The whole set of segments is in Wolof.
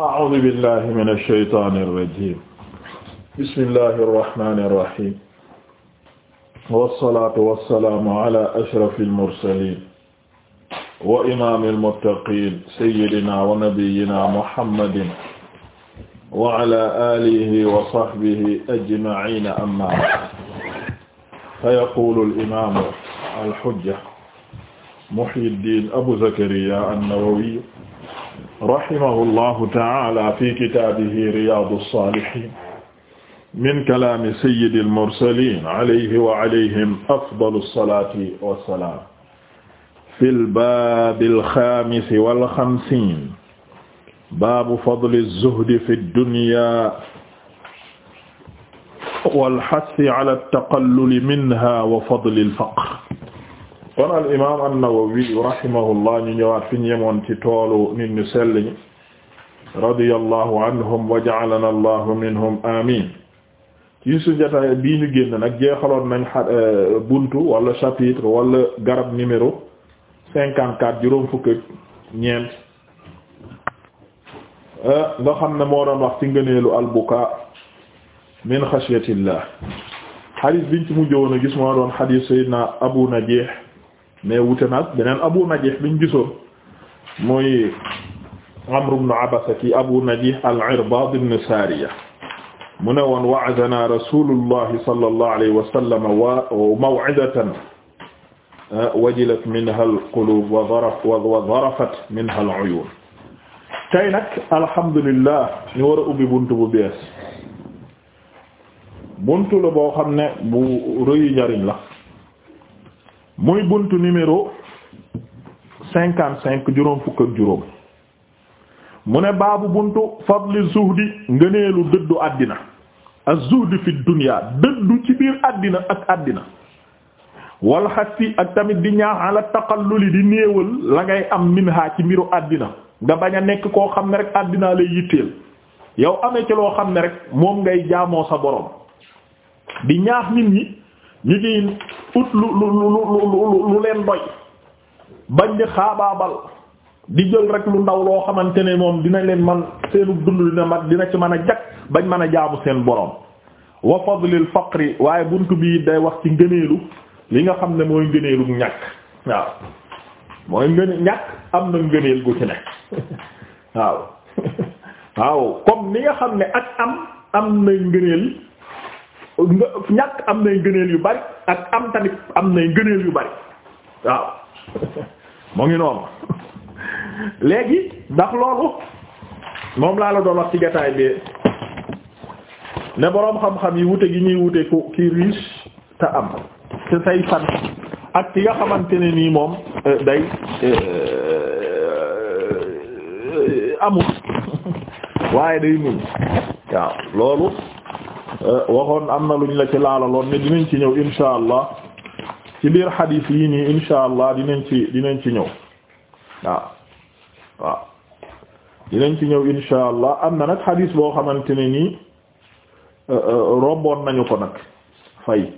أعوذ بالله من الشيطان الرجيم بسم الله الرحمن الرحيم والصلاة والسلام على أشرف المرسلين وإمام المتقين سيدنا ونبينا محمد وعلى آله وصحبه أجمعين أما بعد فيقول الإمام الحجة محي الدين أبو زكريا النووي rahimahu llahu ta'ala fi kitaabihi riyaadu saalihiin min kalaami sayyidil mursaliin alayhi wa alayhim afdalu salaati wa salaam fil baabil xaamisi wal xamsiin baabu fadli zuhdi fi dunyaa wal hassi ala taqalluli minhaa wa fadlil faqr kon al imaam an-Nawawi rahimahullah ñu ñëwaat fi ñu ci toolu nit ñu sell ñi radiyallahu anhum wa ja'alana allahu minhum amin ci sujata bii ñu génn nag jeexaloon nañ euh, buntu wala chapitre wala garab numéro cinquante quatre juróom fukk ak ñeent euh, nga xam ne moo doon wax ci ngëneelu albuka min xashyatillah xadiis biñ ci mujj woon a gis moo doon xadiis Abu Najih mais wute nag beneen Abu Najih biñ gisoon mooy Amr ibn Abasa ki Abu Najih al-Irbad ibn Sariya mu ne woon wa'adana rasulullahi sallallahu alayhi wa sallam wa maw'idatan wajilat minha al-qulub wa zarafat wa zarafat minha al-uyun tey nag alhamdulillah ñu war a ubbi buntu bu bees buntu la boo xam ne bu rëyu njariñ la muy buntu numéro cinquante cinq juróom fukk ak juróom mu ne baabu buntu fadli zuhdi ngëneelu dëddu àddina az-zuhd fi dunya dëddu ci biir àddina ak àddina wal ak tamit di ñaax ala taqalluli di néewal la ngay am minha ci mbiru àddina nga bañ a nekk koo xam ne rek àddinaa lay yitteel yow amee ci loo xam ne rek moom ngay jaamoo sa borom di ñaax nit ñi ñu ngi ut lu lu lu lu leen doy bañ di xaabaabal di jël rek lu ndaw loo xamante ne moom dina leen man seenu dund dina man dina ci mën a jag bañ mën a jaamu seen borom wa fadlil faqri waaye bunt bii day wax ci ngëneelu li nga xam ne mooy ngëneelu ñàkk waaw mooy ngëne ñàkk am na ngëneel gu ci ne waaw waaw comme ni nga xam ne ak am am na ngëneel nga ñàkk am nay ngëneel yu bari ak am tamit am nay ngëneel yu bari waaw mu ngi noonu léegi ndax loolu moom laa la doon wax ci gataay bi ne boroom xam-xam yi wute gi ñuy wute ku ki riche te am te say fan ak ki nga xamante nii moom euh, day euh, amul waaye day muñ waaw loolu Euh, waxoon am na lu ñu la ci laalaloon ne dinañ ci ñëw insha allah ci biir xadiis yi nii insha allah dinañ ci dinañ ci ñëw waaw waaw dinañ ci ñëw insha allah am na nag xadiis boo xamante ne nii euh, euh, romboon nañu ko nag fay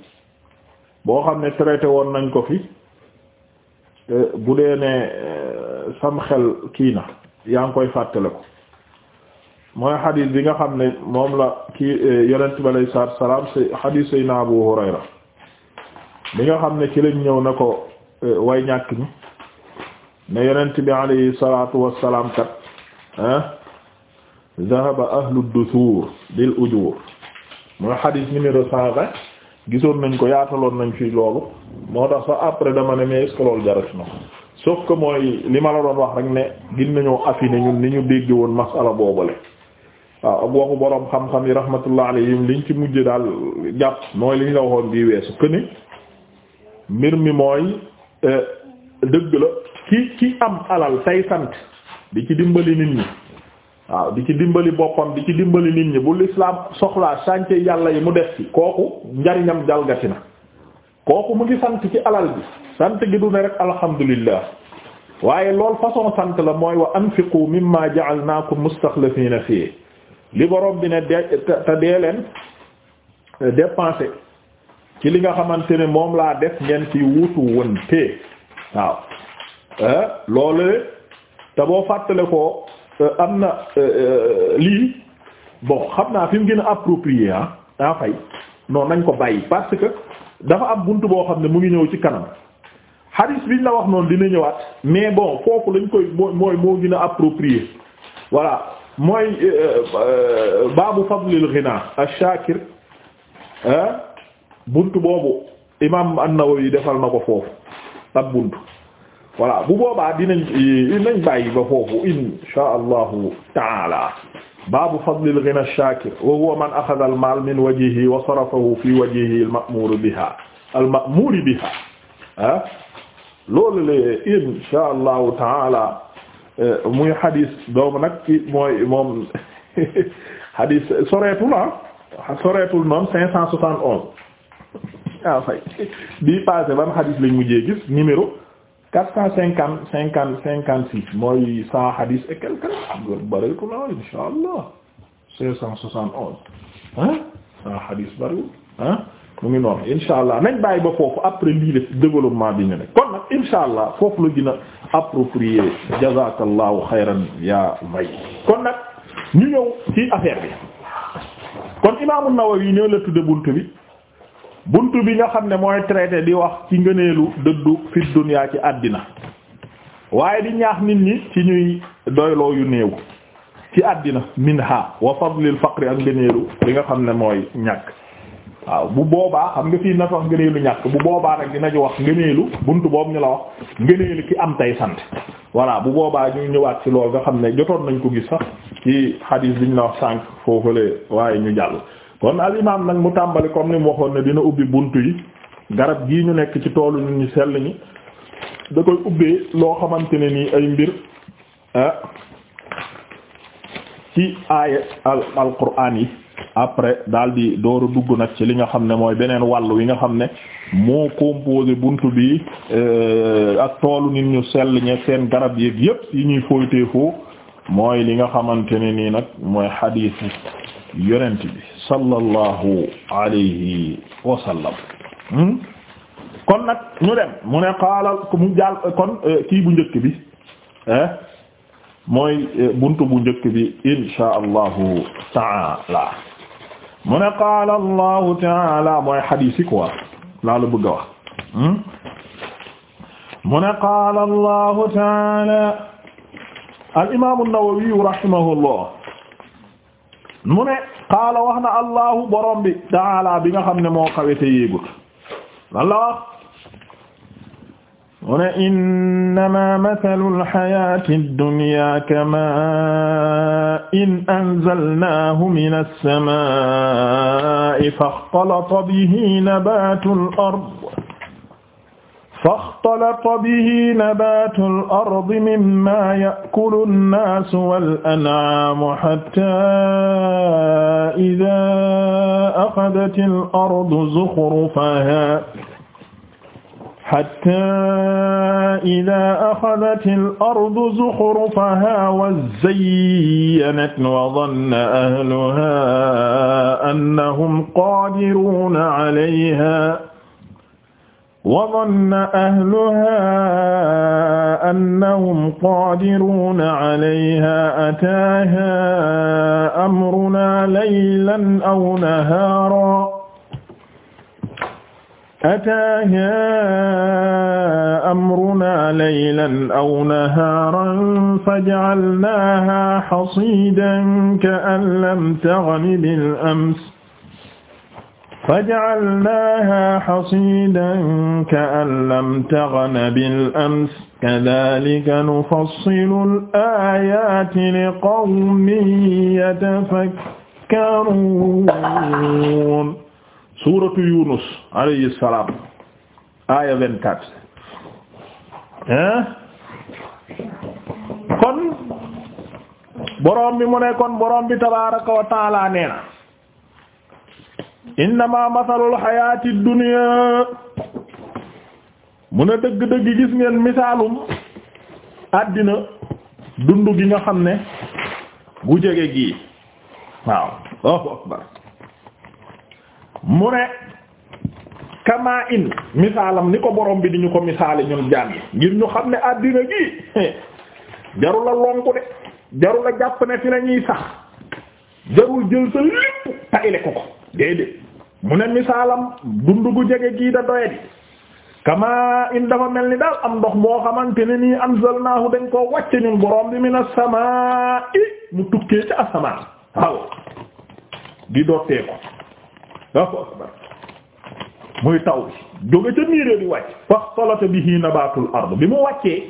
boo xam ne traité woon nañ ko fi bu dee ne sam xel kii na yaa ngi koy fàttale ko mooy xadis bi nga xam ne moom la kii eh, yonent bi alayhi salaatu salaam si xadis Seydina Abu Hurayra bi nga xam ne ci lañ ñëw na ko eh, way ñàkk ñi ne yonent bi alayhi salaatu wa salaam kat ah zahaba ahlu dusuur bil ujuur mooy xadis numéro cent vingt gisoon nañ ko yaataloon nañ fi loolu moo tax sax après dama ne mais est-ce que loolu jarati na sauf mooy li ma la doon wax rek ne gin nañoo affiné ñun ni ñu dégg woon masala boobale waaw ak waxu boroom xam-xam yi rahmatullah alayhim liñ ci mujj daal jàpp mooy liñ la waxoon bii weesu këne mbir mi mooy euh, dëgg la ki ki am alal tey sant di ci dimbali nit ñi waaw di ci dimbali boppam di ci dimbali nit ñi bu lislaam soxlaa sànce yàlla yi mu def ci kooku njariñam jalgati na kooku mu ngi sant ci alal bi sant gi du ne rek alhamdulillah waaye lool façon sant la mooy wa anfiqu mimma ja'alnakum mustaxlafiina fii li boroom bi ne de te dee leen euh, dépensé ci li nga xamante ne moom laa def ngeen ci wutu wën waaw euh, loolu te boo fàttale ko euh, am na lii bon xam naa fi mu gën a approprié ah daa fay non nañ ko bàyyi parce que dafa am bunt boo xam ne mu ngi ñëw ci kanam hadis biñ la wax noonu dina ñëwaat mais bon foofu lañ koy mooy mooy moo gën a approprié voilà mooy euh, euh, baabu fadlil ghina ash-shakir buntu boobu imam an-Nawawi defal na ko foofu ak buntu voilà bu boobaa dinañ dinañ euh, bàyyi ba foofu insha allahu taala baabu fadlil ghina ash-shakir wa huwa man akhadha al-mal min wajhihi wa sarafahu fi wajhihi al-ma'mur biha al-ma'mur biha ah loolu la insha allahu taala Euh, muy hadis doomu nag ci mooy moom hadis soreetul ah soreetul noonu cinq cent soixante onze waaw ah, fay bii ban hadis lañ mujjee gis numéro quatre cent cinquante cinquante cinquante six mooy cent hadis et quelque bëreetul ah insha allah cinq cent soixante onze ah cent hadis bëriwul ah mu ngi noonu insha allah nañ bàyyi ba foofu après lii def développement bi ñu ne kon nag insha allah foofu la gën a approprié jazakallahu xayran yaa may kon nag ñu ñëw ci affaire bi kon imaamu Nawawi ñoo la tudde bunt bi bunt bi nga xam ne mooy traité di wax ci ngëneelu dëddu fi dunya ci àddina waaye di ñaax nit ñi ci ñuy doyloo yu néew ci àddina minha wa fadlil faqri ak ngëneelu li nga xam ne mooy ñàkk waaw bu boobaa xam nga fii nag wax ngëneelu ñàkk bu boobaa nag dinañu wax ngëneelu buntu boobu ñu la wax ngëneelu ki am tay sant voilà bu boobaa ñu ñëwaat ci lool nga xam ne jotoon nañ ko gis sax ci xadiis bi ñu la wax sànq foofule waaye ñu jàll kon al imaam nag mu tàmbali comme ni mu waxoon ne dina ubbi bunt yi garab gii ñu nekk ci toolu nit ñi sell ñi da koy ubbee loo xamante ne nii ay mbir ah, ci aaya al alquraan yi après daal di door dugg nag ci li nga xam ne mooy beneen wàll wi nga xam ne moo composé buntu bi euh, ak toolu nit ñu sell ñe seen garab yéeg yépp yi ñuy fooyteefoo mooy li nga xamante ne nii nag mooy xadiisu yonent bi sallallahu alayhi wa hmm? kon nag ñu dem mu ne xaalal kon euh, kii bu njëkk bi mooy euh, bunt bu njëkk bi insha allahu taala mu ne qaala allahu taala mooy xadiis yi quoi laa la bëgg a wax hmm? mu ne qaala allahu taala al imaamu nawawi rahimahullah mu ne qaala wax na allahu borom bi taala bi nga xam ne moo xawete yéegut lan la wax mu ne innama mathalu alxayati addunya kama in anzalnahu min alsamai faxtalata bihi nabatu alard faxtalata bihi nabatu alard mimma yakulu alnasu walanaamu xatta ida axadat alardu zuxrufaha xataa idaa axadatil ardu zuxrufahaa wa zayyanat wa zanna ahluhaa annahum qaadiruuna alayhaa wa zanna ahluhaa annahum qaadiruuna alayhaa ataahaa amrunaa laylan aw nahaaran ataaha amruna laylan aw nahaaran faja'alnaaha hasiidan ka'an lam taghni bil ams faja'alnaaha hasiidan ka'an lam taghna bil ams kadhaalika nufassilu al-aayaati liqawmin yatafakkaruun suuratu Yuunus alayhi salaam aaya vingt-quatre kon borom bi mu ne kon borom bi tabaaraka wa taala na innama masalul xayaati dunya mu ne dëgg-dëgg gis ngeen misaalum àddina dund gi nga xam ne bu jege gii waaw mu ne kamaa in misaalam ni ko borom bi di ñu ko misaale ñun jàng ngir ñu xam ne àddina gi jarul a lonku de jarul a jàpp ne fi la sax jarul jël sa lépp tayle ko ko déedéet mu ne misaalam dund gu jege gii da doyadi kamaa in dafa mel ni daal am ndox moo xamante ne nii am anzalnaahu dañ koo wàcce ñun borom bi minas samaa'i mu tukkee ci asamaan waaw di dottee ko muy taw bi jóge ca niiree di wàcc faxtalata bihi nabatul ard bi mu wàccee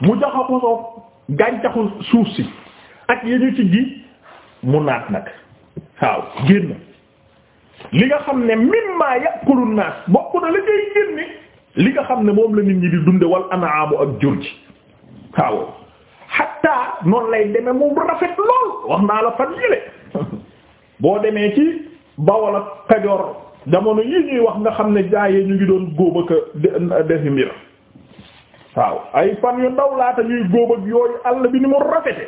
mu jaxasoo gàncaxu suuf si ak yéen ci ji mu naat nag waaw génn li nga xam ne mimma yaqulu naas bokk na la ngay génne li nga xam ne moom la nit ñi di dunde wal anaamu ak jur ji waaw hatta noonu lay demee mu rafet lool wax naa la fan yële boo demee ci Bawol ak jamono yii ñuy wax nga xam ne jaayee ñu ngi doon góob ak defi mbir waaw ay fan yu ndaw laata ñuy góob yooyu àll bi ni mu rafete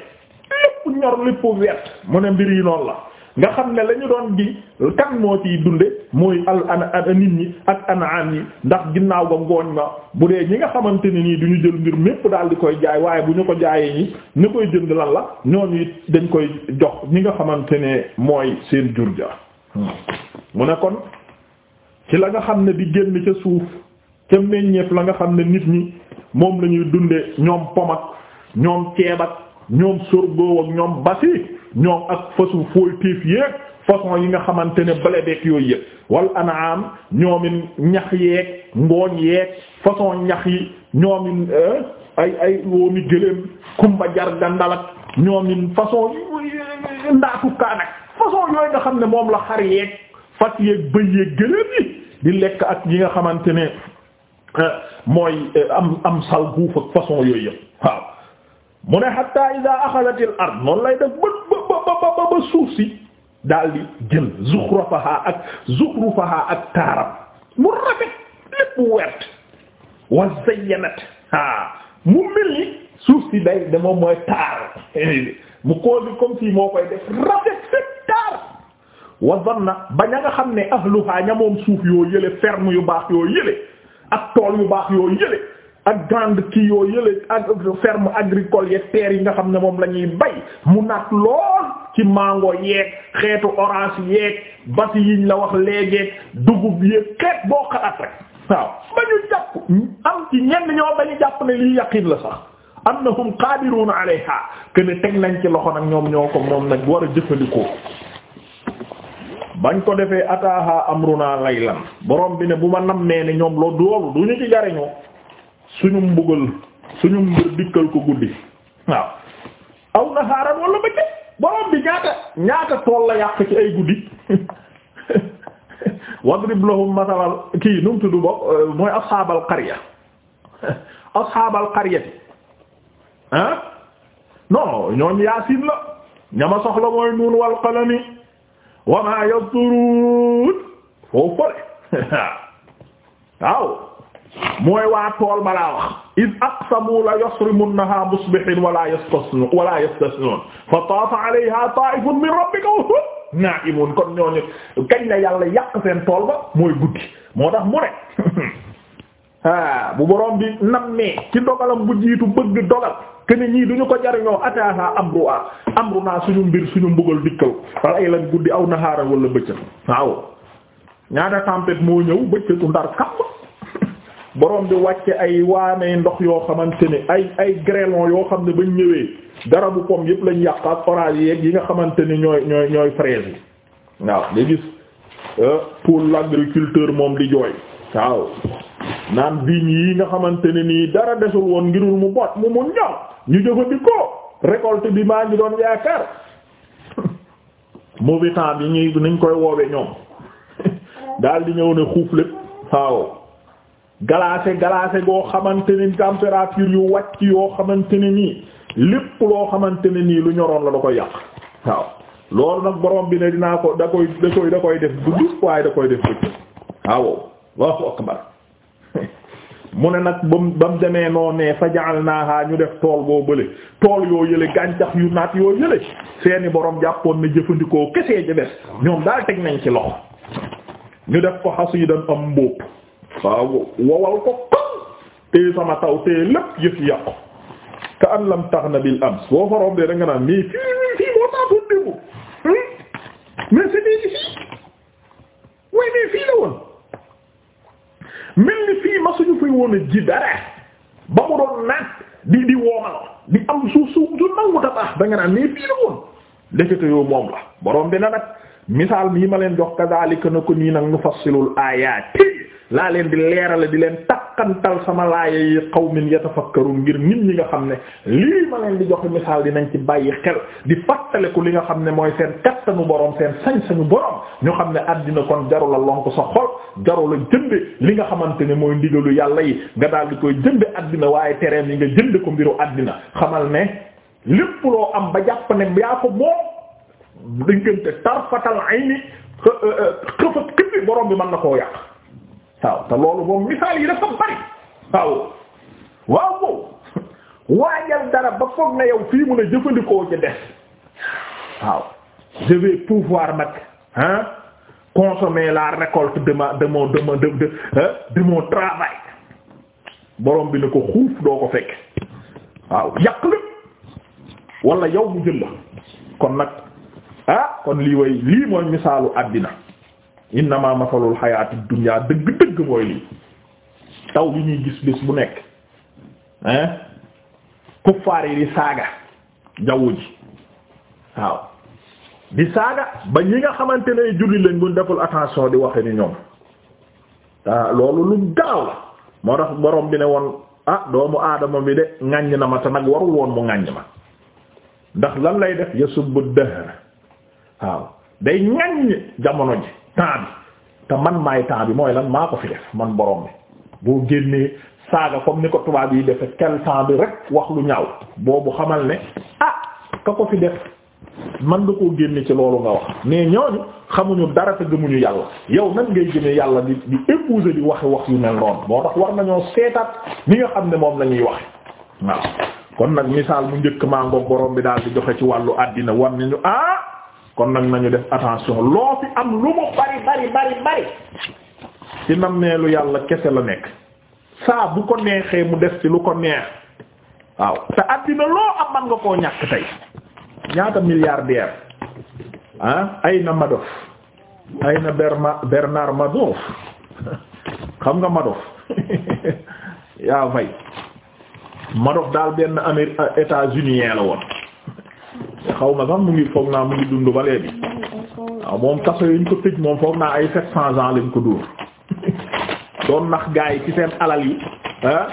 lépp ñor lépp wert mu ne mbir yi noonu la nga xam ne lañu doon di kan moo ciy dunde mooy al ana nit ñi ak anam yi ndax ginnaaw ba ngooñ ma bu dee ñi nga xamante ne nii duñu ñu jël mbir mépp daal di koy jaay waaye bu ñu ko jaayee ñi ñu koy jënd lan la ñoo it dañ koy jox ñi nga xamante ne mooy seen jur ja hmm. mu ne kon ci la nga xam ne bi génn ca suuf ca meññeef la nga xam ne nit ñi moom lañuy ñuy dunde ñoom pom ñoom ceeb ak ñoom sorgho ak ñoom basi ñoom ak façon yi nga xamante ne blé beeg yooyu yëpp wal anaam ñoomin ñax yeeg ngooñ yeeg façon ñax yi ñoomin euh, ay ay woomi gëléem kumba jar gandal ñoomin façon ndaatu nga xam ne moom la xar yeeg fas yeeg bëy yeeg gëléem yi di lekk ak yi nga xamante ne eh, mooy eh, am am sal guuf ak façon yooyu yëpp waaw mu ne hatta ida axadatil ard noonu lay def ba ba ba ba ba suuf si daal di jël zuxrafaha ak zuxrufaha ak taaram mu rafet lépp wert wa zayyanat ha mu mel ni suuf si day dama mooy taar mu ko comme si moo koy def rafet fekk taar wa zanna ba ña nga xam ne ahluha ña moom suuf yoo yële ferme yu baax yoo yële ak tool yu baax yoo yële ak grande kii yoo yële ak ferme agricole yeeg terre yi nga xam ne moom lañuy ñuy bay mu naat lool ci màngo yeeg xeetu orange yeeg basi yiñ la wax léegi dugub yeeg xeet boo xalaat rek waaw ba ñu jàpp am ci ñenn ñoo ba ñu jàpp ne lii yaqin la sax annahum qadiruna alayha ken teg nañ ci loxo nag ñoom ñoo ko moom nag war a jëfandikoo bañ ko defee ataaha amruna laylan borom bi ne bu ma nammee ne ñoom loo doolu du ñu ci jariñu suñu mbugal suñu mbir dikkal ko guddi waaw aw naxaaran wala ba jëkk borom bi ñaata ñaata tool la yàq ci ay guddi wadrib lahum masalal kii nu mu tudd ba euh, mooy asxaabal qarya asxaabal qaryati ah non ñooñ yaasin la ñama soxla mooy nuun wal wa ma yasturun foofu fole waaw mooy waa tool ma laa wax id aqsamu la yasrimunnaha musbihin wala yastasnu wala yastasnun fa taafa alayha taa'ifun min rabbika wa hum naa'imun kon ñooñu kañ la yàlla yàq seen tool ba mooy guddi moo tax mu ne ah bu borom bi nammee ci dogalam bu jiitu bëgg dogal que ne ñii duñu ko jariñoo ataaha a ah, amru naa suñu mbir suñu mbugal dikkal wala ay lan guddi aw naxaara wala bëccëg waaw ñaata tempête moo ñëw bëccëgu ndar kàpp borom bi wàcce ay waanee ndox yoo xamante ne ay ay grêlon yoo xam ne bañ ñëwee bu pomme yëpp lañu yàq ak orage yeeg yi nga xamante ni ñooy ñooy ñooy fraise yi waaw nga gis euh, pour l'agriculteur moom di jooy waaw naan biñ yi nga xamante ne nii dara desul woon ngirul mu bot mu mun ñor ñu jëfandikoo récolte bi maa ngi doon yaakaar mauvais temps bi ñuy nañ koy woowe ñoom dal di ñëw ne xuuf lépp waaw glacé glacé goo xamante ne température yu wàcc yoo xamante ne nii lépp loo xamante ne nii lu ñoroon la da koy yàq waaw loolu nag borom bi ne dinaa ko da koy da koy da koy def guddi waaye da koy def bëccëg waaw waaw akbar mu ne nag ba mu ba mu demee noo ne fa ja'alnaaha ñu def tool boo bële tool yoo yële gàncax yu naat yoo yële seeni borom jàppoon na jëfandikoo kesee ja des ñoom daal teg nañ ci loxo ñu def ko hasiidan am mbóob waaw wowal ko kon téye sama taw téye lépp yëf yàqu ka an lam taghna bil ams boo fa rombee da nga naan mii fii mii fii moo taatoon démb hmm? mais c'était ici way mais fii la woon woon a ji dara ba mu doon naat di di woomal di am suuf suuf su nanguta baax da nga naan mais fii la woon ndekete yoo moom la borom bi na nag misaal mii ma leen jox kadaalika na ko nii nag nu fassilul aayaati laa leen di leerale di leen takk dàqantal sama laaya yi qawmin yatafakkarun ngir nit ñi nga xam ne lii ma leen di joxe misaal dinañ ci bàyyi xel di ko li nga xam ne mooy seen kattanu borom seen sañ-sañu borom ñu xam ne àddina kon jaru la lonk sa xol jaru la jënde li nga xamante ne mooy ndigalu yàlla yi nga daal di koy jënde àddina waaye tereem yi nga jënde ko mbiru àddina xamal ne lépp loo am ba jàpp ne yaa ko moom diggante tarfatal ayni xëfat xëfi borom bi mën na koo yàq waaw te loolu moom misaal yi dafa bari waaw waaw wow waajal dara ba foog na yow fii mun a jëfandikoo ci des waaw je pouvoir nag hein consommer la récolte de ma de mon de de de de borom bi ne ko xuuf doo ko fekk waaw yàq lépp wala yow mu jël la kon nag ah kon lii way lii mooy misaalu àddina innama masalul xayaati dunya dëgg-dëgg mooy lii taw bi ñuy gis bis bu nekk hein kuffaar yi di saaga jaww ji waaw di saaga ba yi nga xamante ne julli lañ buñ deful attention di waxe ni ñoom loolu lum gaaw la moo tax borom bi ne woon ah doomu aadama bi de ŋàññ na ma te nag warul woon mu ŋàññ ma ndax lan lay def yasubbu dahr waaw day ŋàññ jamono ji temps te man maay temps bi mooy lan maa ko fi def man boroom bi boo génnee saaga comme ni ko tubaab yi defe quel temps bi rek wax lu ñaaw boobu xamal ne ah ka ko fi def man nga koo génnee ci loolu nga wax mais ñooñu xamuñu dara te gëmuñu yàlla yow nag ngay génne yàlla di di épouser di waxe wax yu mel noonu moo tax war nañoo seetal ni nga xam ne moom la ñuy waxe waaw kon nag misaal bu njëkk maa ngoog borom bi daal di joxe ci wàllu àddina war nañu ah kon nag nañu def attention loo fi am lu mu bari bari bari bari ci nammeelu yàlla kese la nekk saa bu ko neexee mu def ci lu ko neex waaw te àddina loo am man nga koo ñàkk tey ñaata milliardaire ah ay na Madoff ay na Bernard Madoff xam nga Madoff yaa fay Madoff daal benn Amérique États-Unis la woon te xaw ma sax mu ngi foog naa mu ngi dund ba léegi waaw moom kaso yi ko tëj moom foog naa ay sept cent ans lañ ko dóor doon nax gaa yi ci seen alal yi ah,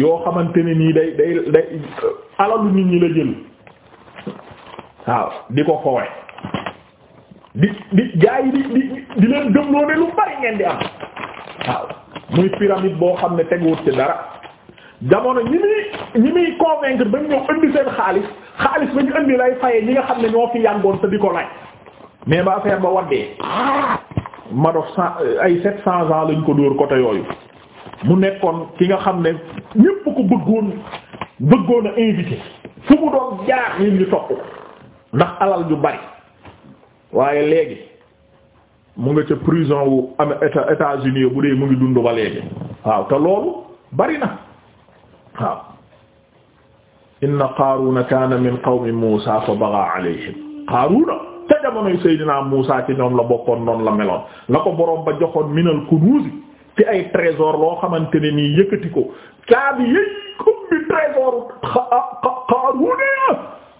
yoo xamante ne nii day day day alalu nit ñi la jël waaw di ko fowe di di gaa yi di di di leen gëmloo ne bari ngeen di am waaw muy pyramide boo xam ne teguwut ci dara jamono ñi muy ñi muy convaincre ba ñëw indi seen xaalis. xaalis ba ñu indi lay faye ñi nga xam ne ñoo fi yàngoon te ko lay mais ba affaire ba waddee ma sa ay sept cent ans lañ ko dóor côté yooyu mu nekkoon ki nga xam ne ñépp ko bëggoon bëggoon a invité fu mu doon jaar ñun ñu topp ndax alal ju bari waaye léegi mu nga ca prison wu am États-Unis bu dee mu ngi dund ba léegi waaw te loolu bari na waaw inna qaaruna kaana min qawmi Muusa fa bagaa alayhim qaaruna te jamonoy Seydina Muusa ci ñoom la bokkoon noonu la meloon la ko boroom ba joxoon minal kunuuzi ci ay trésor loo xamante ne nii yëkkati ko caabi yëy comme bi trésor qaaruna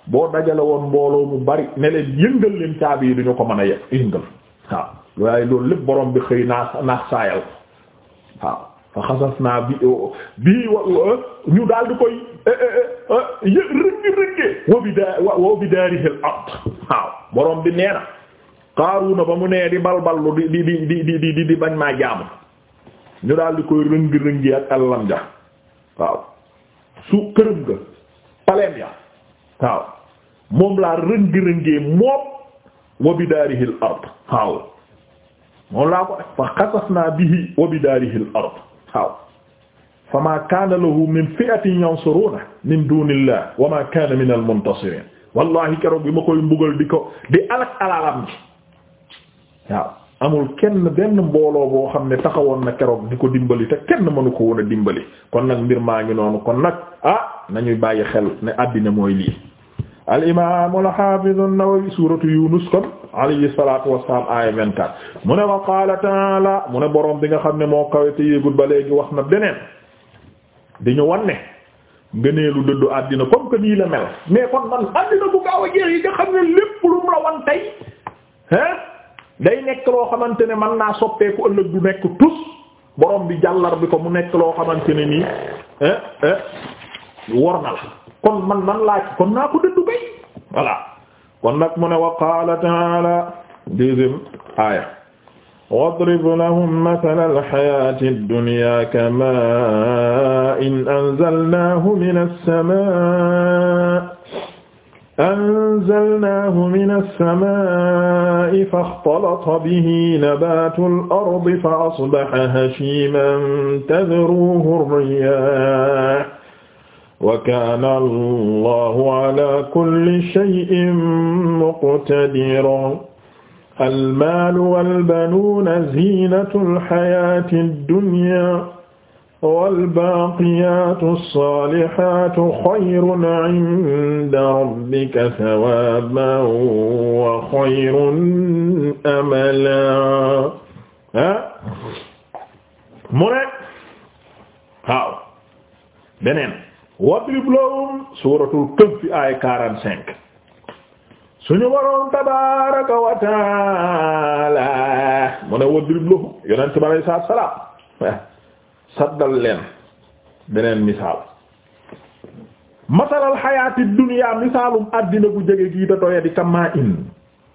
boo dajale woon mbooloo mu bari ne leen yëngal leen caabi yi duñu ko mën a yegg yëngal waaw waaye loolu lépp boroom bi xëy naa naax saayal waaw fa xasaf naa bi bii ñu daal di koy rëngi eh, eh, eh, ah, rëngee wa bi daa wa bi daarihil ard waaw borom bi nee na Qaaruuna ba mu nee di balballu di di di di di di di bañ maa jaamu ñu daal di koy rëngi rëngee ak allam ja su këram ga paleem ya waaw moom laa rëngi rëngee moom wa bi daarihil ard waaw moom laa ko xasas naa bihi wa bi daarihil ard waaw fa ma kaana lahu min fi'atin yansuruna min dunillah wa ma kaana min almuntasirin wallahi keroog bi ma koy mbugal di ko di alak alalam ji waaw amul kenn benn mbooloo boo xam ne taxawoon na keroog di ko dimbali te kenn mënu ko woon dimbali kon nag mbir maa ngi noonu kon nag ah nañuy bàyyi xel ne àddina mooy lii al imaam al haafiz suuratu Yunus kon alayhi salaatu mu ne wa qaala ta'aala mu ne boroom bi nga xam ne moo kawe te yéegul ba léegi wax na beneen dañu wan ne ngëneelu dëddu àddina comme que nii la mel mais kon man àddina bu gaaw a jeex yi nga xam ne lépp lu mu la wan hein day nekk loo xamante ne man naa soppeeku ëllëg du nekk tus borom bi jàllar bi ko mu nekk loo xamante ne nii wor na la kon man man laaj kon naa ko dëddu bay voilà kon nag mu ne wa qaala taala deuxième aaya واضرب لهم مثل الحياة الدنيا كماء أنزلناه من السماء أنزلناه من السماء فاختلط به نبات الأرض فأصبح هشيما تذروه الرياح وكان الله على كل شيء مقتدرا almaalu walbanuuna ziinatu alxayaati dunya walbaaqiyaatu saalihaatu xayrun inda rabbika sawaaban wa xayrun amalan ah mu ne waaw beneen wadrib lahum suuratul kahf aaya 45 suñu waroon tabaaraka wa mu ne wadrib lahu yonent bi alayhi salaatu salaam saddal leen beneen misaal masalal xayaati dunya misaalum àddina bu jege gii da doya di kamaa in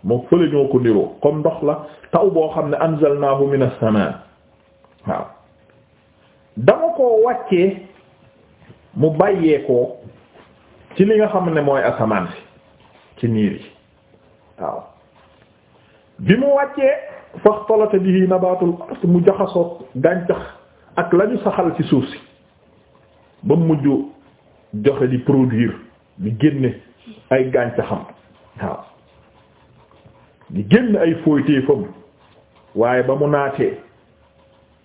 moo fële ñoo ko niroo comme ndox la taw boo xam ne anzalnaahu minas samaa waaw dama koo wàccee mu bàyyeekoo ci li nga xam ne mooy asamaan si ci niir yi waaw bi mu wàccee faxtalata bihi nabaatul ard mu jaxasoo gàncax ak lañu saxal ci suuf si ba mujj joxe di produire di génne ay gàncaxam waaw di génne ay fóoyteefam waaye ba mu naatee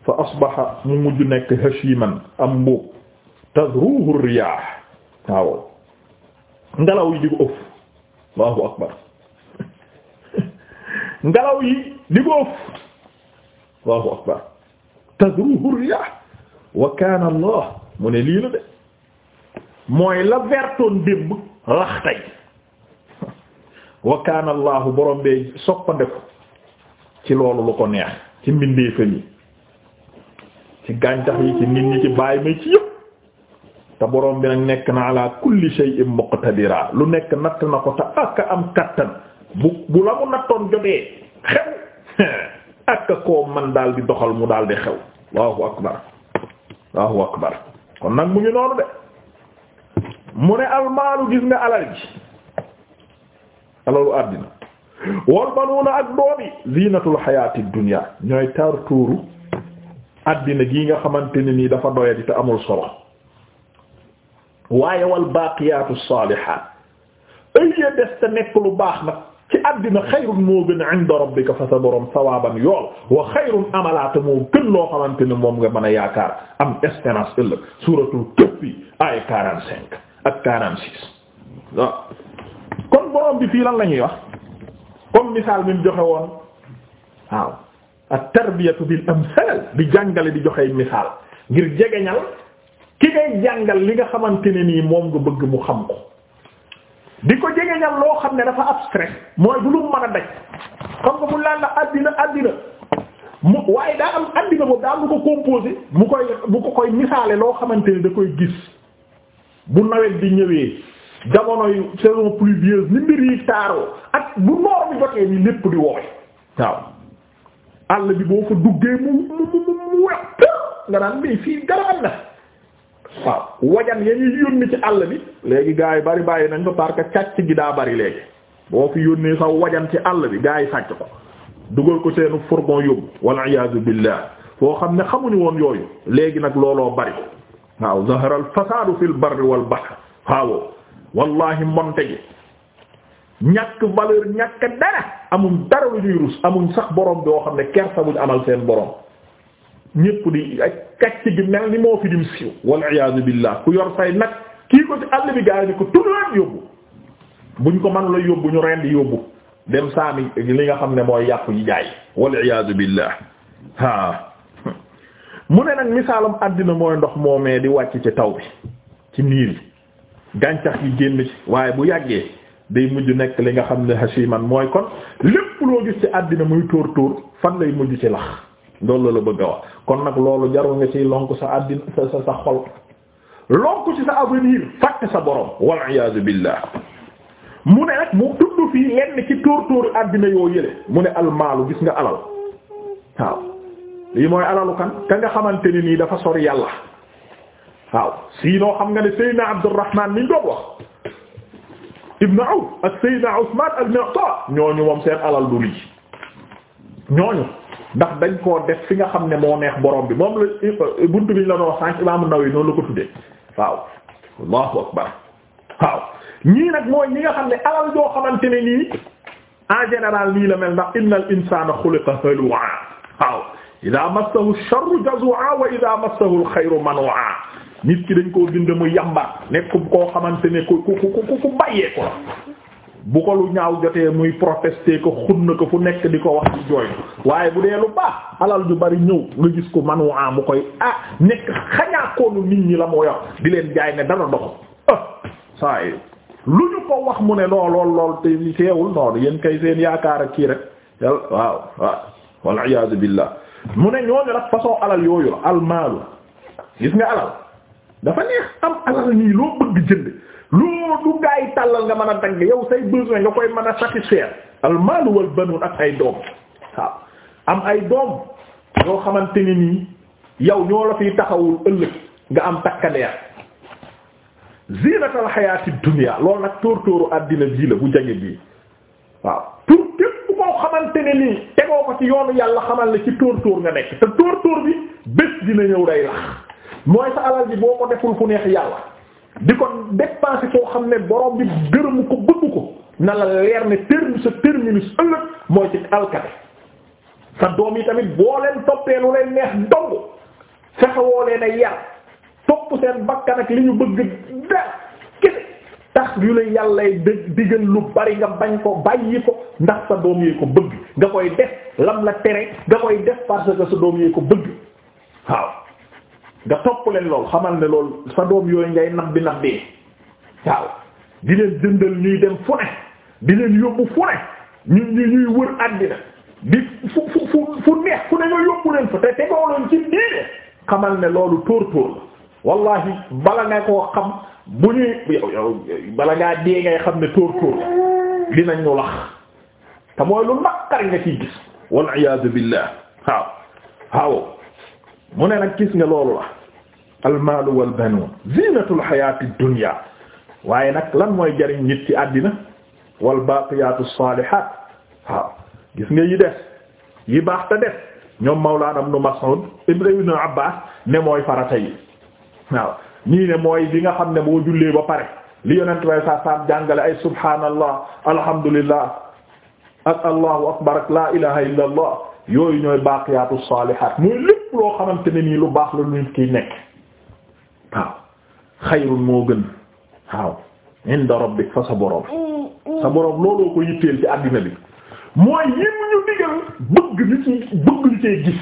fa asbaxa mu mujj nekk hashiman am mbuub tadruhu riyaah waaw ngelaw yi di ko ëff allahu akbar ngelaw yi di góof Allahu akbar tadruhu riyah wa kana Allah mu ne lii la de mooy la vertoon démb lax tey wa kana Allahu borom bee soppande ko ci loolu lu ko neex ci mbindeefam yi ci gàncax yi ci nit ñi ci bàyyi may ci yëpp te borom bi nag nekk na ala kulli shay'in muqtadira lu nekk natt na ko te am kattan bu bu la mu nattoon jotee xew ak koo man daal di doxal mu daal di xew allahu akbar allahu akbar kon nag mu ngi noonu de mu ne almaalu gis nga alal ji alalu àddina wal banuuna ak doomi ziinatul xayaati dunya ñooy tar àddina gi nga xamante ne nii dafa doyadi te amul solo waaye wal baaqiyaatu saalihaat ay des te nekk lu baax nag ci àddina xayrun moo gën inda rabbika fa sa borom sawaaban wa xayrun amalaata moo gën loo xamante ne moom nga mën a yaakaar am espérance ëllëg suuratul kahfi aaya quarante cinq ak quarante six kon borom bi fii lan la ñuy wax comme misaal bi joxe woon waaw ak tarbiyatu bil amsal di jàngale di joxe misaal ngir jegeñal ki ngay jàngal li nga xamante ne nii moom nga bëgg mu xam ko di ko jegeñal loo xam ne dafa abstrait mooy bu lu man a daj xam nga mu laan la àddina àddina mu waaye daa am àddina boobu daa lu ko composé mu koy bu ko koy misaale loo xamante ne da koy gis bu nawet bi ñëwee jamono yu saison pluvieuse ni mbir yi taaroo ak bu noor bi ni lépp di wowe waaw àll bi boo fa duggee mu mu mu mu nga naan mais fii dara am na waaw wajan ya ñuy yónni ci àll bi léegi gaa yi bari bàyyi nañ ko parce que càcc gi daa bari léegi boo fi yónnee sax wajan ci àll bi gaa yi sàcc ko dugal ko seenu fourgon yóbbu wal iyaadu billah foo xam ne xamuñu woon yooyu léegi nag looloo bari waaw zahara al fasaadu fil barri wal bahr waaw wallahi mbonte gi ñàkk valeur ñàkk dara amuñ dara lu ñuy rus amuñ sax borom boo xam ne kersa buñ amal seen boroom ñépp di ay kàcc gi mel ni moo fi dim siiw wal iyaazu billah ku yor say nag kii ko ci àll bi gaa yi ko tullaan yóbbu buñ ko man la yóbbu ñu rendi yóbbu dem saami li nga xam ne mooy yàpp jaay wal iyaazu billah ha mu ne nag misaalam àddina mooy ndox moomee di wàcc ci taw bi ci niir yi gàncax yi génn ci waaye bu yàggee day mujj nekk li nga xam ne hasiman mooy kon lépp loo gis ci àddina muy tóor tóor fan lay mujj ci lax loolu la bëgg a wax kon nag loolu jarul nga ci lonk sa àddina sa sa sa xol lonk ci sa avenir fàtte sa borom wal iyaazu billah mu ne nag mu tudd fii lenn ci tóor tóori àddina yoo yële mu ne almaalu gis nga alal waaw lii mooy alalu kan ka nga xamante ni nii dafa sor yàlla waaw sii siinoo xam nga ne Seydina Abdurrahman mi doog wax Ibn Awf ak Seydina Usman ak Mu'ta ñooñu moom seen alal du lii ñooñu ndax dañ koo def fi nga xam ne moo neex borom bi moom la buntu bi ñu la doon sànq Imam An-Nawawi noonu la ko tuddee waaw allahu akbar waaw ñii nag mooy ñi nga xam ne alal joo xamante ne nii en général nii la mel ndax innal insana xuliqa halua waaw ida massahu sharru jazua wa ida massahu alxayru manua nit ki dañ koo bind mu yamba nekk koo xamante ne ku ku ku ku bàyyee ko la bu ko lu ñaaw jotee muy protester ko xunna ko fu nekk di ko wax di jooy waaye bu dee lu baax alal yu bari ñëw nga gis ko manu am mu koy a ah, nekk xañaakoonu nit ñi la mu yor di leen jaay ne dara dox ah saa lu ñu ko wax mu ne non lool lool te teewul noonu yéen kay seen yaakaar ak kii rek yàlla waaw waaw wal iyaazu billah mu ne ñooñu nag façon alal yooyu la almaalu gis nga alal dafa neex am alal nii loo bëgg jënd loo tàllal nga mën a dagg yow say besoin nga koy mën a satisfaire al maalu ak ay doom waaw am ay doom yoo xamante ni nii yow ñoo la fi taxawul ëllëg nga am takkandeer ziinatal xayaati dunya loolu nag tóor-tóoru àddina bii la bu jange bii waaw pour képp koo xamante ne nii tegoo ko ci yoonu yàlla xamal la ci tóor-tóor nga nekk te tóor-tóor bi bés dina ñëw day lax mooy sa alal ji boo ko deful fu neex yàlla. di kon dépensé koo xam ne borom bi gërëmu ko bëgg ko na la leer ne terme sa terminus ëllëg mooy ci alkate sa doom yi tamit boo leen toppee lu leen neex dong fexe woo leen a yar topp seen bakkan ak li ñu bëgg dara kese tax yu la yàllay digal lu bari nga bañ ko bàyyi ko ndax sa doom yee ko bëgg nga koy def lam la tere nga koy def parce que sa doom yee ko bëgg waaw nga topp leen lool xamal ne lool sa doom yooyu ngay nabbi nabbee waaw di leen jëndal ñuy dem fu ne di leen yóbbu fu ne ñu ñu ñuy wër àddina di fu fu fu fu neex fu ne nga yóbbu leen fa te tegoo leen ci diine xamal ne loolu tóor tóor la wallahi bala nga koo xam bu ñuy yow yow bala ngaa dee ngay xam ne tóor tóor la dinañ lax te mooy lu naqari nga ciy gis wal iyaadu billah waaw waaw mu ne nag gis nga loolu la almaalu wal banuun ziinatul xayaati waaye nag lan mooy jariñ nit ci àddina wal baaqiyaatu saalihaat waaw gis nga yi des yi baax te des ñoom Mawlaana Ibnu Mas'ud Ibnu Abbaas ne mooy farata yi waaw nii ne mooy bi nga xam ne boo jullee ba pare li yonent way sa saam jàngale ay subhaanallah alhamdulillah ak allahu akbar ak laa ilaaha illallah yooyu ñooy baaqiyaatu saalihaat muy lépp loo xamante ne nii lu baax la lu nit kiy nekk waaw xayrun moo gën waaw inda rabbik fa sa borom sa borom looloo ko yitteel ci àddina bi mooy yim ñu digal bëgg ñu ci bëgg ñu cee gis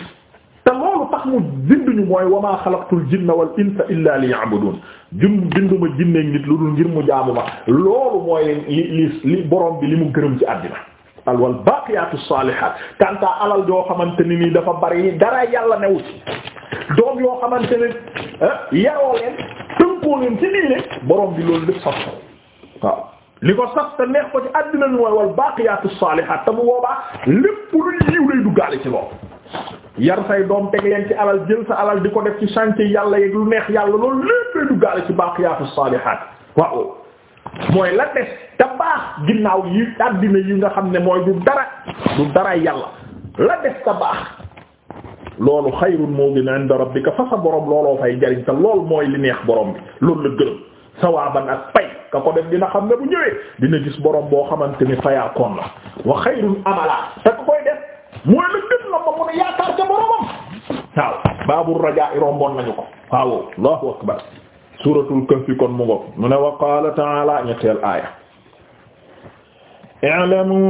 te loolu tax mu binduñu mooy wa maa xalaqtul jinna wal insa illa liya'budun jun binduma jinneeg nit lu dul ngir mu jaamu loolu mooy li li li borom bi li mu gërëm ci àddina waa al wal baaqiyaatu saalihaat kanta alal joo xamante ne nii dafa bari dara yàlla newu ci doom yoo xamante ne eh, yaroo leen tënkoo leen ci ne borom bi loolu lépp sax di li ko sax te neex ko ci àddina lu mooy wal baaqiyaatu saalihaat te bu boobaa lépp lu yiw lay duggaale ci loolu yar say doom teg leen ci alal jël sa alal di ko def ci chantier yàlla yeeg lu neex yàlla loolu lépp lay duggaale ci baaqiyaatu saalihaat waaw mooy la des te baax ginnaaw yi àddina yi nga xam ne mooy du dara du dara yàlla la des te baax loolu xayrun moo gën a fa sa borom looloo fay jariñ neex borom bi loolu la gërëm sawaaban ak pay ka ko def xam ne bu gis borom boo xamante ni fayaakoon la wa a yaakaar ca boromam waaw baabur rajaa i romboon nañu ko waaw allahu akbar suuratul kahfi kon mu ngoog mu ne wa qaala ta'aala ñetteel aaya i'lamu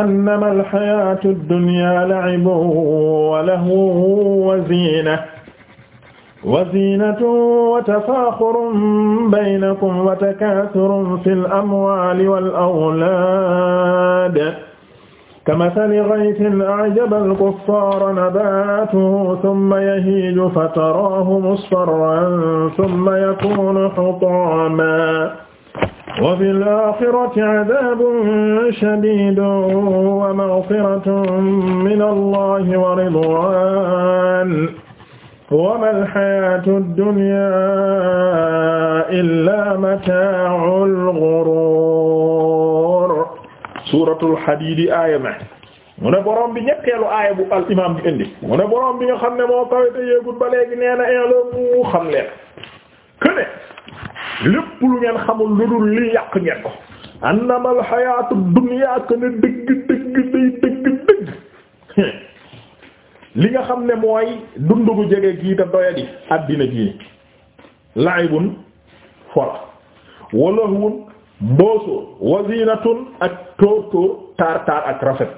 annama al-hayaatu ad-dunyaa la'ibun wa lahwun wa ziinatun wa ziinatun wa tafaakhurun baynakum wa takaathurun fil amwaali wal awlaad kamasali ghaythin a'jaba al-kuffaara nabaatuhu thumma yahiiju fataraahu musfarran thumma yakuunu hutaaman wa fil aaxirati 'adaabun shadiidun wa maghfiratun min Allaahi wa ridwaan wa mal hayaatu dunyaa illaa mataa'ul ghuruur suuratul hadiid aaya ma mu ne borom bi ñetteelu aaya bu al imaam bi indi mu ne borom bi nga xam ne moo kawe yéegul ba léegi nee na elomu xam leen këne lépp lu ngeen xamul lu dul li yàq ngeen ko annamal hayaatu dunyaa këne dëgg dëgg day dëgg dëgg li nga xam ne mooy dundu gu jege gii te doyadi àddina ji la'ibun fola walahun mboosu wazinatun ak tóor tóor taar taar ak rafet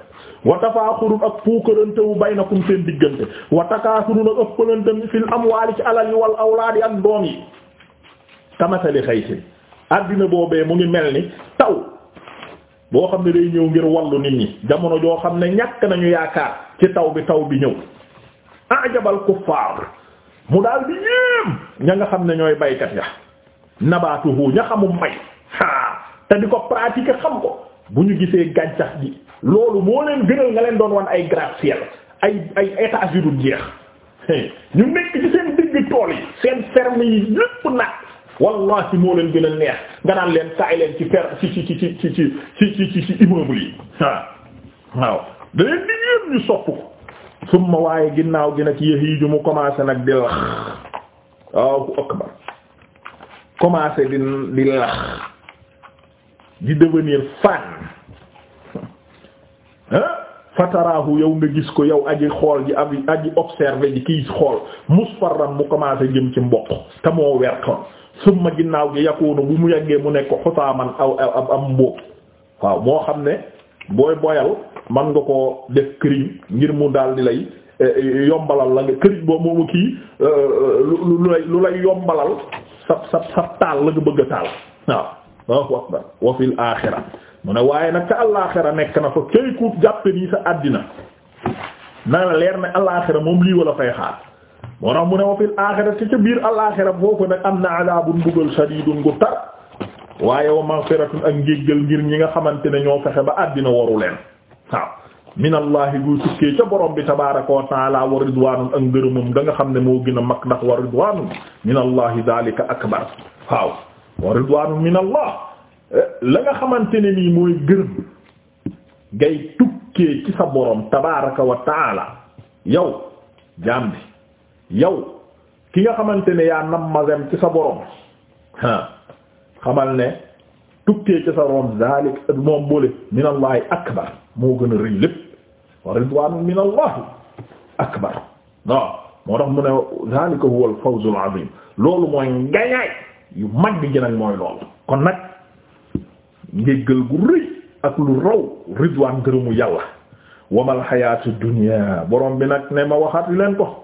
wa tafaaxurun ak puukarante wu baynakum seen diggante wa takaasurun ak ëppalante fil amwaali ci alal yi wal awlaadi ak doom yi kamasali xaysin àddina boobee mu ngi mel ni taw boo xam ne day ñëw ngir wallu nit ñi jamono joo xam ne ñàkk nañu yaakaar ci taw bi taw bi ñëw ajabal kuffaar mu daal di ñéem ña nga xam ne ñooy baykat ya nabaatuhu ña xamum may te di ko pratiquer xam ko bu ñu gisee gàncax gi loolu moo leen gënal nga leen doon wan ay gratte-ciel ay ay étages yu dul jeex ñu nekk ci seen digg tool yi seen ferme yi lépp nag wallahi moo leen gën a neex nga naan leen taay leen ci fer ci ci ci ci ci ci ci ci ci immeuble yi waaw da di yéen ñu sopp ko summa waaye ginnaaw gi nag yahiiju mu commencé nag di lax waaw ku akbar commencé di di lax di devenir fan ah fataraahu yow nga gis ko yow aji xool ji ab aji observé ji kiy xool musfarran mu commencé jëm ci mboq te moo wertoon summa ginnaaw gi yakunu bu mu yàggee mu nekk xutaaman aw am mbóob waaw moo xam ne booy boyal man nga ko def këriñ ngir mu daal di lay eh, eh, yombalal la nga këriñ boo moomu kii eh, lu lay lu lay yombalal sab sab sab taal la nga bëgg a taal waaw Allahu akbar wa fil aaxira mu ne waaye nag te alaaxira nekk na fa këy ku jàppe nii sa àddina na la leer ne alaaxira moom lii wala fay xaar moo tax mu ne wa fil aaxira te ca biir alaaxira foofu nag am na adaabun mbugal sadiidun gu waaye wa maghfiratun ak njéggal ngir ñi nga xamante ne ñoo fexe ba àddina waru leen waaw minallahi guy tukkee ca borom bi tabaaraka wa taala wa ridwaanun ak ngërëmam da nga xam ne moo gën a mag ndax wa ridwaanun minallahi daalika akbar waaw wa ridwaanu min allah la nga xamante ne nii mooy gërëm ngay tukkee ci sa borom tabaaraka wa taala yow jaam bi yow ki nga xamante ne yaa nammazem ci sa borom ah xamal ne tukkee ci sa borom zalik moom boole min allahi akbar moo gën a rëy lépp wa ridwaanu min allahi akbar waaw moo tax mu ne zalika huwa al fawzul azim loolu mooy ngañaay yu mag bi gën mooy lool kon nag njéggal gu rëy ak lu raw ridwaan ngërëmu yàlla wamal xayaatu dunya borom bi nag ne ma waxaat leen ko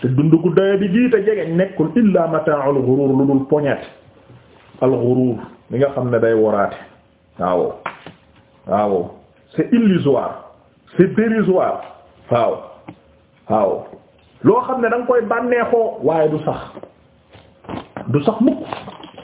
te dund gu daya bi gii te jege nekkul illa mata'ul ghurur lu dul poñet al ghurur li nga xam ne day waraate waaw waaw c'est illusoire c'est dérisoire waaw waaw loo xam ne da koy bànneexoo waaye du sax du sax mukk